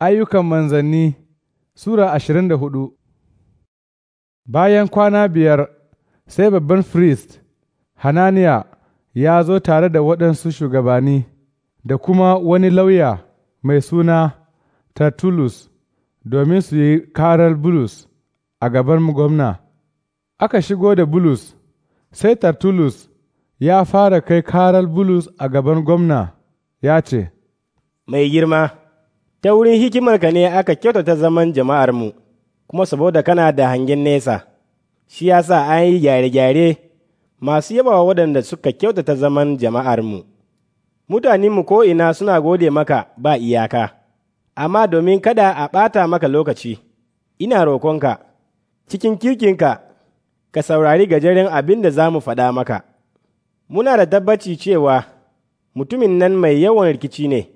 Ayyukan manzanni Sura ashirin da hudu Bayan kwana biyar sai babban firist Hananiya ya zo tare da waɗansu shugabani da kuma wani lauya mai suna Tertullus domin su yi karar Bulus a gaban gwamna. Aka shigo da Bulus, sai Tertullus ya fara kai karar Bulus a gaban gwamna ya ce, Mai girma. ta wurin hikimarka ne aka kyautata zaman jama'armu, kuma saboda kana da hangen nesa, shi ya sa an yi gyare-gyare masu yabawa waɗanda suka kyautata zaman jama'armu. Mutanenmu ko'ina suna gode maka ba iyaka, amma domin kada a ɓata maka lokaci, ina roƙonka, cikin kirkinka, ka saurari gajeren abin da za mu faɗa maka. Muna da tabbaci cewa mutumin nan mai yawan rikici ne.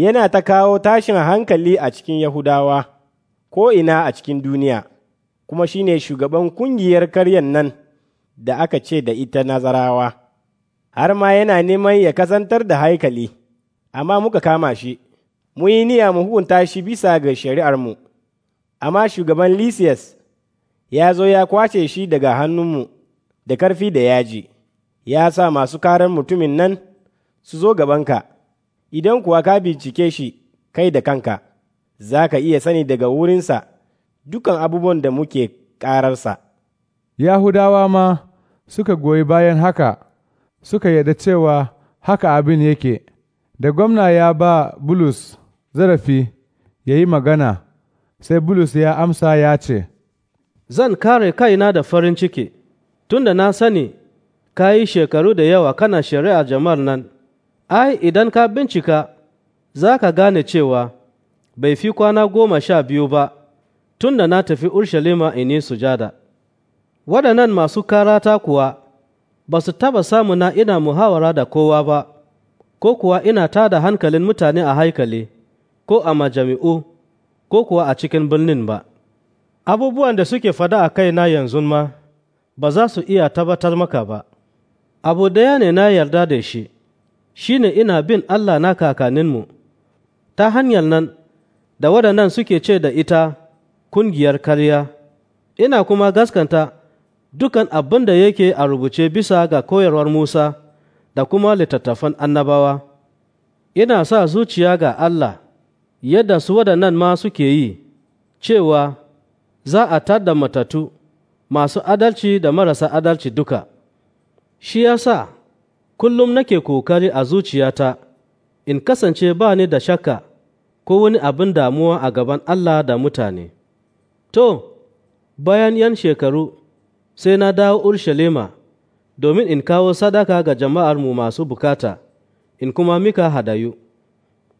yana ta kawo tashin hankali a cikin Yahudawa ko ina a cikin duniya, kuma shi ne shugaban kungiyar karyan nan da aka ce da ita Nazarawa, har ma yana neman ya kasantar da haikali, amma muka kama shi, mu yi niyya mu hukunta shi bisa ga shari'armu, amma shugaban Lysias ya zo ya kwace shi daga hannunmu da karfi da yaji, ya sa masu karar mutumin nan su zo gabanka. idan kuwa ka bincike shi kai da kanka, za ka iya sani daga wurinsa dukan abubuwan da muke ƙararsa. Yahudawa ma suka goyi bayan haka, suka yarda cewa haka abin yake, da gwamna ya ba Bulus zarafi ya yi magana, sai Bulus ya amsa ya ce, Zan kare kaina da farin ciki, tunda na sani ka yi shekaru da yawa kana shari'a jama'ar nan. ai idan ka bincika za ka gane cewa bai fi kwana goma sha biyu ba tun da na tafi urshalima in yi sujada waɗannan masu karata kuwa ba su taba samu na ina muhawara da kowa ba ko kuwa ina ta da hankalin mutane a haikali ko a majami'u ko kuwa a cikin birnin ba abubuwan da suke fada a kaina yanzu ma ba za su iya tabbatar maka ba abu daya ne na yarda da shi shi ne ina bin Allah na kakaninmu, ta hanyar nan da waɗannan suke ce da ita kungiyar karya, ina kuma gaskanta dukan abin da yake a rubuce bisa ga koyarwar Musa da kuma littattafan annabawa, ina sa zuciya ga Allah yadda su waɗannan ma suke yi, cewa za a tada matatu masu adalci da marasa adalci duka. Shi ya sa kullum nake kokari a zuciyata in kasance ba ni da shakka ko wani abin damuwa a gaban Allah da mutane. To, bayan yan shekaru, sai na dawo Urshalima domin in kawo sadaka ga jama'armu masu bukata, in kuma mika hadayu.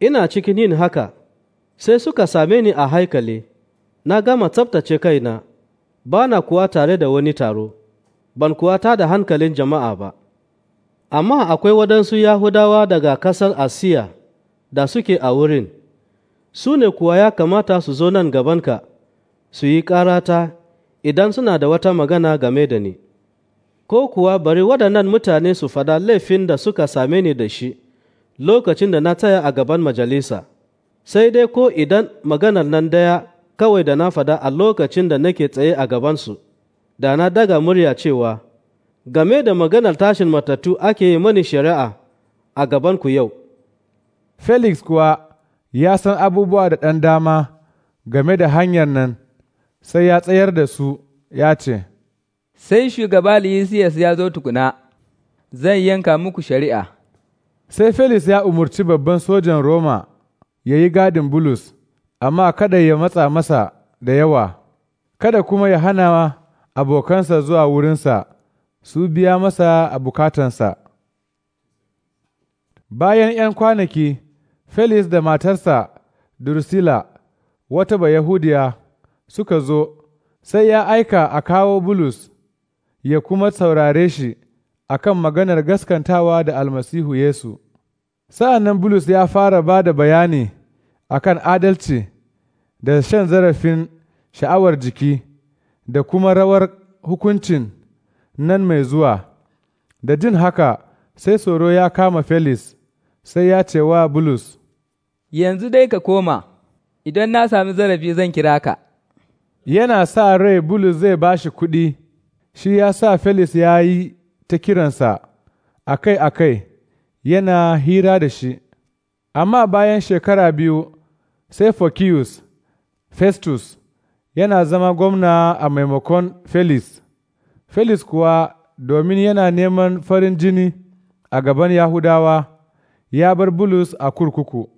Ina cikin yin haka, sai suka same ni a haikali, na gama tsabtace kaina, ba na kuwa tare da wani taro, ban kuwa ta da hankalin jama'a ba. Amma akwai waɗansu Yahudawa daga ƙasar Asiya da suke a wurin, su ne kuwa ya kamata su zo nan gabanka su yi ƙarata idan suna da wata magana game da ni, ko kuwa bari waɗannan mutane su fada laifin da suka same ni da shi lokacin da na tsaya a gaban majalisa, sai dai ko idan maganar nan daya kawai da na fada a lokacin da nake tsaye a gabansu, da na daga murya cewa. game da maganar tashin matattu ake yi mani shari'a a gabanku yau. Felix kuwa ya san abubuwa da ɗan dama game da hanyar nan, sai ya tsayar da su ya ce, Sai shugaba Liyisiyas ya zo tukuna, zan yanka muku shari'a. Sai Felix ya umarci babban sojan Roma ya yi gadin Bulus, amma kada ya matsa masa da yawa, kada kuma ya hana abokansa zuwa wurinsa. su biya masa a bukatansa. Bayan ’yan kwanaki, Felis da matarsa Dursila, wata Bayahudiya, suka zo, sai ya aika a kawo Bulus, ya kuma saurare shi a kan maganar gaskantawa da almasihu Yesu. Sa'an nan Bulus ya fara ba da bayani a kan adalci da shan zarafin sha'awar jiki da kuma rawar hukuncin nan mai zuwa, da jin haka sai tsoro ya kama Felis, sai ya ce wa Bulus, Yanzu dai ka koma, idan na sami zarafi zan kira ka. Yana sa rai Bulus zai ba shi kuɗi, shi ya sa Felis ya yi ta kiransa akai-akai yana hira da shi. Amma bayan shekara biyu, sai fokius Festus, yana zama gwamna a maimakon Felis. Felis kuwa domin yana neman farin jini a gaban Yahudawa, ya bar Bulus a kurkuku.